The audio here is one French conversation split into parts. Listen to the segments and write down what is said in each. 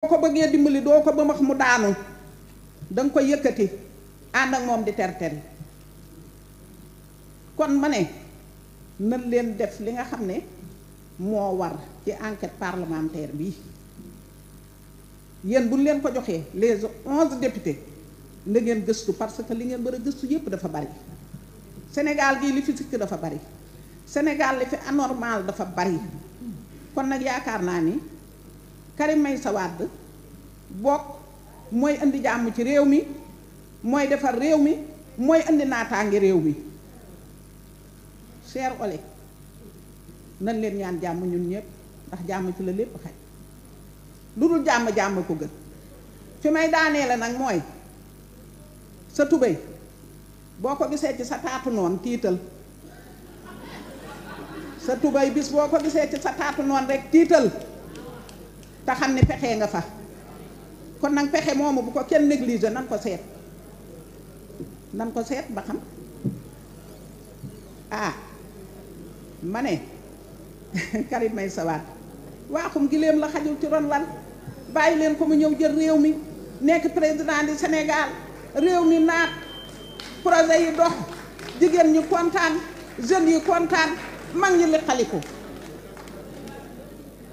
boo ko bëggee dimbali doo ko ba mu daanu danga ko yëkkati ànd ak moom di terter kon ma ne nan leen def li nga xam ne moo war ci enquête parlementaire bi yéen bu ñu leen ko joxee les onze députés na ngeen gëstu parce que li ngeen war gëstu yépp dafa bari Sénégal gii li fi sikk dafa bari Sénégal li fi anormal dafa bari kon nag yaakaar naa ni Karim Meïssa Wade bokk mooy indi jàmm ci réew mi mooy defar réew mi mooy indi ngi réew mi cher ole nan leen ñaan jàmm ñun ñépp ndax jàmm ci la lépp xaj lu dul jàmm jàmm ko gën fi may daanee la nag mooy sa tubéy boo ko gisee ci sa taatu noon tiital sa tubéy bis boo ko gisee ci sa taatu noon rek tiital te xam ne pexe nga fa kon nag pexe moomu bu ko kenn négligé nan ko seet nan ko seet ba xam ah ma ne Karim may sawaat waaxum giléem la xajul ci ron lan bàyyi leen ko mu ñëw jël réew mi nekk président du Sénégal réew mi naat projet yi dox jigéen ñu kontaan jeunes yi kontaan mag ñi liqaliku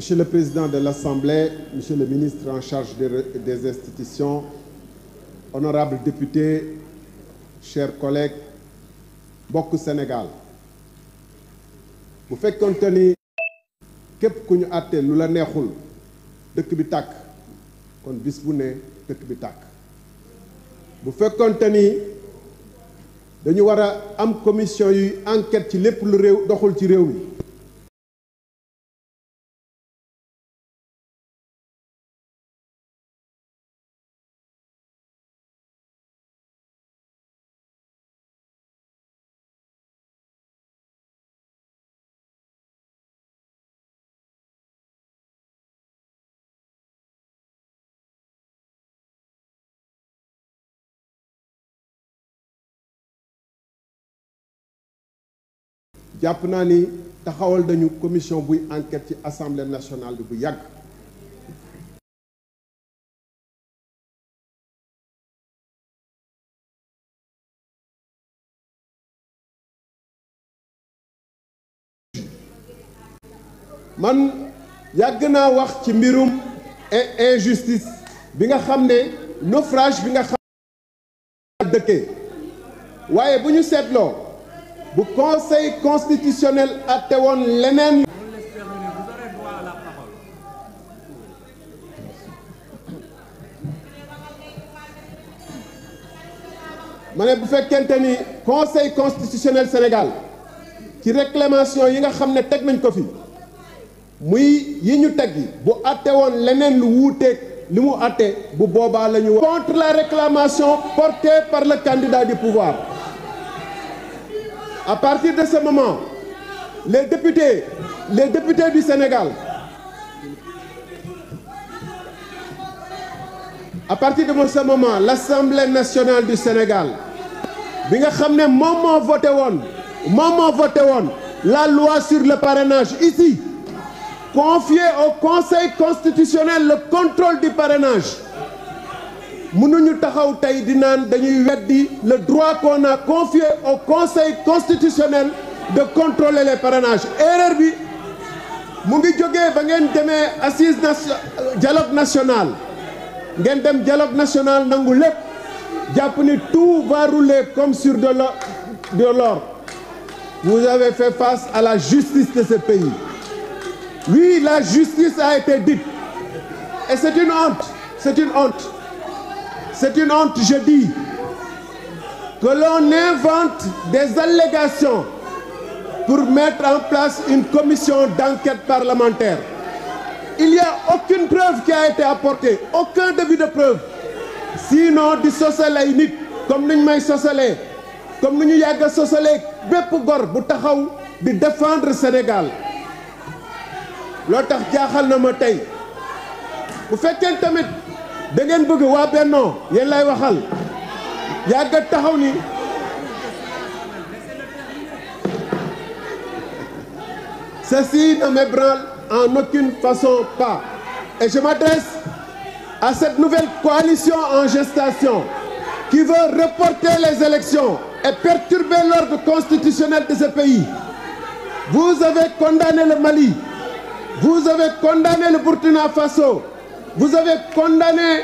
Monsieur le Président de l'Assemblée, Monsieur le Ministre en charge des institutions, honorables députés, chers collègues, beaucoup Sénégal Vous faites ni képp que nous àttee lu la neexul dëkk bi tàkk kon bis bu ne dëkk bi tàkk bu dañu am commission d'enquête enquête ci lépp lu jàpp naa ni taxawal dañu commission buy enquête ci assemblée nationale bu yàgg man yàgg naa wax ci mbirum injustice bi nga xam ne naufrage bi nga xam dëkkee waaye bu ñu seetloo bu conseil constitutionnel atte woon leneen. ma ne bu fekkente conseil constitutionnel Sénégal ci réclamation yi nga xam ne nañ ko fi muy yiñu ñu yi bu atte woon leneen lu wuuteeg bu boba lañu contre la réclamation portée par le candidat du pouvoir. À partir de ce moment, les députés, les députés du Sénégal, à partir de ce moment, l'Assemblée nationale du Sénégal, bi nga moment voté la loi sur le parrainage ici confier au Conseil constitutionnel le contrôle du parrainage nous taxaw dit le droit qu'on a confié au conseil constitutionnel de contrôler les parrainages erreur bi mu ngi assise dialogue national ngeen dialogue national tout va rouler comme sur de l'or vous avez fait face à la justice de ce pays oui la justice a été dite et c'est une honte c'est une honte c'est une honte, je dis, que l'on invente des allégations pour mettre en place une commission d'enquête parlementaire. Il n'y a aucune preuve qui a été apportée, aucun début de preuve. Sinon, du unique, comme nous sommes comme nous sommes nous sommes nous défendre Sénégal. sommes jaaxal nous ma tay ceci ne m'ébranle en aucune façon pas et je m'adresse à cette nouvelle coalition en gestation qui veut reporter les élections et perturber l'ordre constitutionnel de ce pays. Vous avez condamné le Mali, vous avez condamné le Burkina Faso, vous avez condamné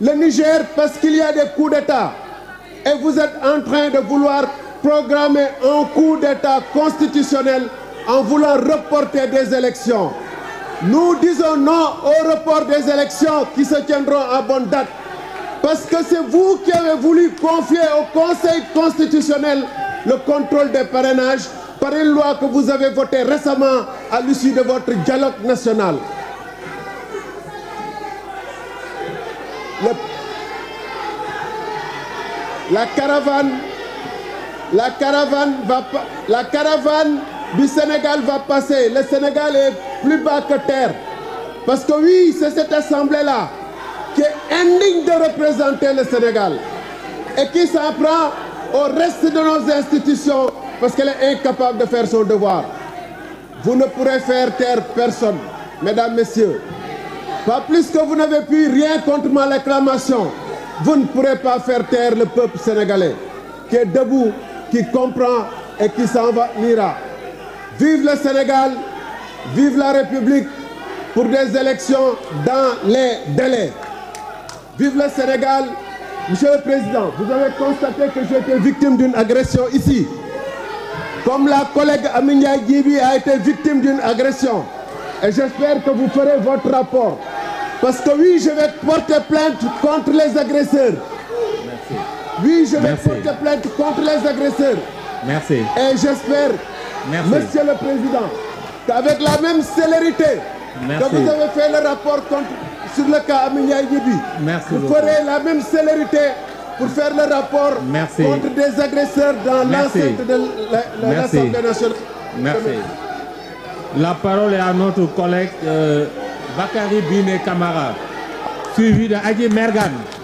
le Niger parce qu'il y a des coups d'État. Et vous êtes en train de vouloir programmer un coup d'État constitutionnel en voulant reporter des élections. Nous disons non au report des élections qui se tiendront à bonne date. Parce que c'est vous qui avez voulu confier au Conseil constitutionnel le contrôle des parrainages par une loi que vous avez votée récemment à l'issue de votre dialogue national. la caravane, la caravane la caravane du Sénégal va passer. Le Sénégal est plus bas que terre. Parce que oui, c'est cette assemblée-là qui est indigne de représenter le Sénégal et qui s'apprend au reste de nos institutions parce qu'elle est incapable de faire son devoir. Vous ne pourrez faire taire personne, mesdames, messieurs. Pas plus que vous n'avez pu rien contre ma réclamation, vous ne pourrez pas faire taire le peuple sénégalais qui est debout, qui comprend et qui s'en va Vive le Sénégal, vive la République pour des élections dans les délais. Vive le Sénégal, Monsieur le Président, vous avez constaté que j'ai été victime d'une agression ici. Comme la collègue Aminia Gibi a été victime d'une agression. Et j'espère que vous ferez votre rapport. Parce que oui, je vais porter plainte contre les agresseurs. Merci. Oui, je vais porter plainte contre les agresseurs. Merci. Et j'espère, Monsieur le Président, qu'avec la même célérité que vous avez fait le rapport sur le cas Aminia Merci vous ferez la même célérité pour faire le rapport contre des agresseurs dans l'enceinte de l'Assemblée nationale. Merci. La parole est à notre collègue. Euh, Bakary Bine Kamara, suivi de Adi Mergan.